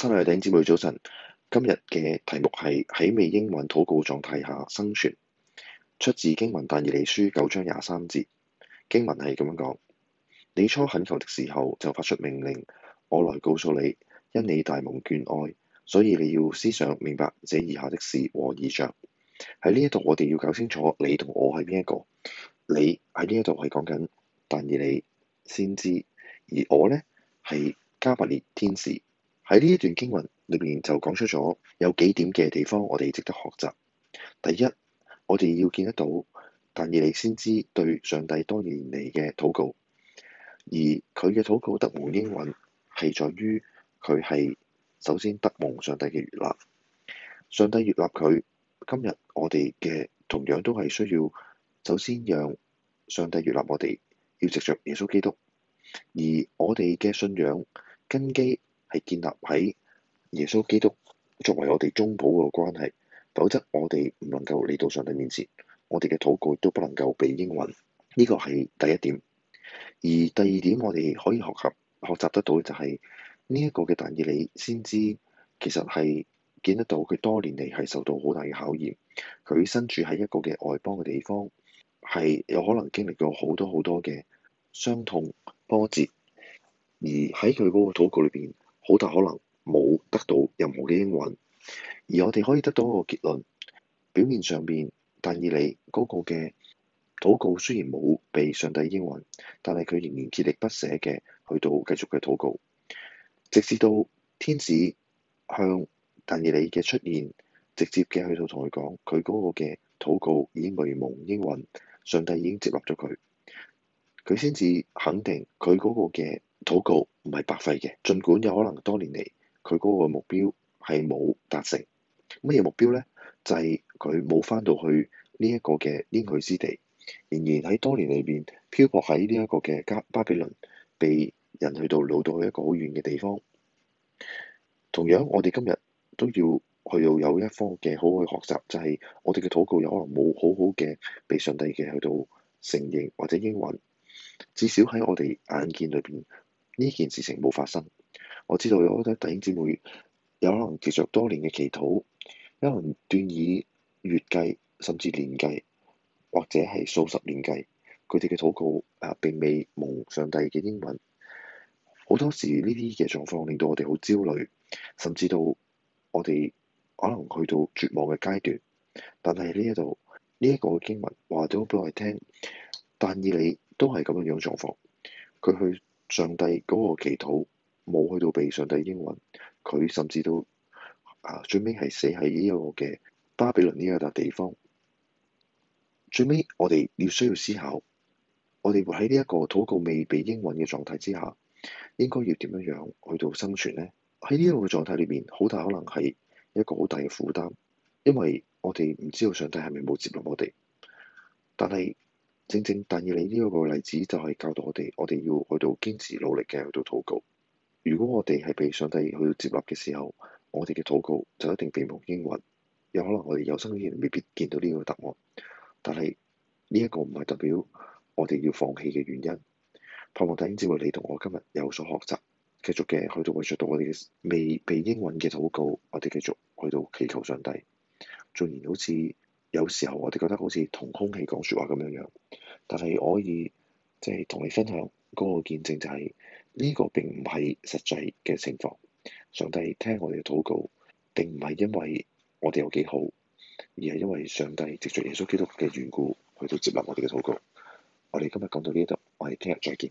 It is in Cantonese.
親愛嘅弟兄姊妹，早晨。今日嘅題目係喺未應允禱告狀態下生存，出自經文但以理書九章廿三節。經文係咁樣講：你初懇求的時候就發出命令，我來告訴你，因你大蒙眷愛，所以你要思想明白這以下的事和異象。喺呢一度我哋要搞清楚你同我係邊一個？你喺呢一度係講緊但以理先知，而我呢，係加百列天使。喺呢一段經文裏面就講出咗有幾點嘅地方，我哋值得學習。第一，我哋要見得到但以理先知對上帝多年嚟嘅禱告，而佢嘅禱告得蒙應允，係在於佢係首先得蒙上帝嘅悅納。上帝悅納佢，今日我哋嘅同樣都係需要首先讓上帝悅納我哋，要藉著耶穌基督，而我哋嘅信仰根基。係建立喺耶穌基督作為我哋中保嘅關係，否則我哋唔能夠嚟到上帝面前，我哋嘅禱告都不能夠被應允。呢、這個係第一點。而第二點，我哋可以學習學習得到就係呢一個嘅但以理先知，其實係見得到佢多年嚟係受到好大嘅考驗。佢身處喺一個嘅外邦嘅地方，係有可能經歷過好多好多嘅傷痛波折，而喺佢嗰個禱告裏邊。好大可能冇得到任何嘅應允，而我哋可以得到一個結論，表面上面，但以理嗰個嘅禱告雖然冇被上帝應允，但係佢仍然竭力不捨嘅去到繼續嘅禱告，直至到天使向但以理嘅出現直接嘅去到同佢講，佢嗰個嘅禱告已經迷蒙應允，上帝已經接納咗佢，佢先至肯定佢嗰個嘅。禱告唔係白費嘅，儘管有可能多年嚟佢嗰個目標係冇達成。乜嘢目標呢？就係佢冇返到去呢一個嘅應許之地，仍然喺多年裏邊漂泊喺呢一個嘅加巴比倫，被人去到擄到去一個好遠嘅地方。同樣，我哋今日都要去到有一方嘅好好去學習，就係、是、我哋嘅禱告有可能冇好好嘅被上帝嘅去到承認或者應允，至少喺我哋眼見裏邊。呢件事情冇發生，我知道有好多弟兄姊妹有可能持續多年嘅祈禱，有可能段以月計，甚至年計，或者係數十年計，佢哋嘅禱告啊並未蒙上帝嘅應允。好多時呢啲嘅狀況令到我哋好焦慮，甚至到我哋可能去到絕望嘅階段。但係呢一度呢一個經文話咗俾我哋聽，但以理都係咁樣樣狀況，佢去。上帝嗰個祈禱冇去到被上帝應允，佢甚至都，啊最尾係死喺呢一個嘅巴比倫呢一笪地方。最尾我哋要需要思考，我哋活喺呢一個禱告、這個、未被應允嘅狀態之下，應該要點樣樣去到生存呢？喺呢一個狀態裏面，好大可能係一個好大嘅負擔，因為我哋唔知道上帝係咪冇接納我哋，但係。正正但以理呢一個例子就係教導我哋，我哋要去到堅持努力嘅去到禱告。如果我哋係被上帝去到接納嘅時候，我哋嘅禱告就一定被蒙應允。有可能我哋有生之年未必見到呢個答案，但係呢一個唔係代表我哋要放棄嘅原因。盼望弟兄姊妹你同我今日有所學習，繼續嘅去到為出到我哋嘅未被應允嘅禱告，我哋繼續去到祈求上帝，縱然好似～有時候我哋覺得好似同空氣講説話咁樣樣，但係我可以即係同你分享嗰個見證，就係呢個並唔係實際嘅情況。上帝聽我哋嘅禱告，並唔係因為我哋有幾好，而係因為上帝藉著耶穌基督嘅緣故去到接納我哋嘅禱告。我哋今日講到呢度，我哋聽日再見。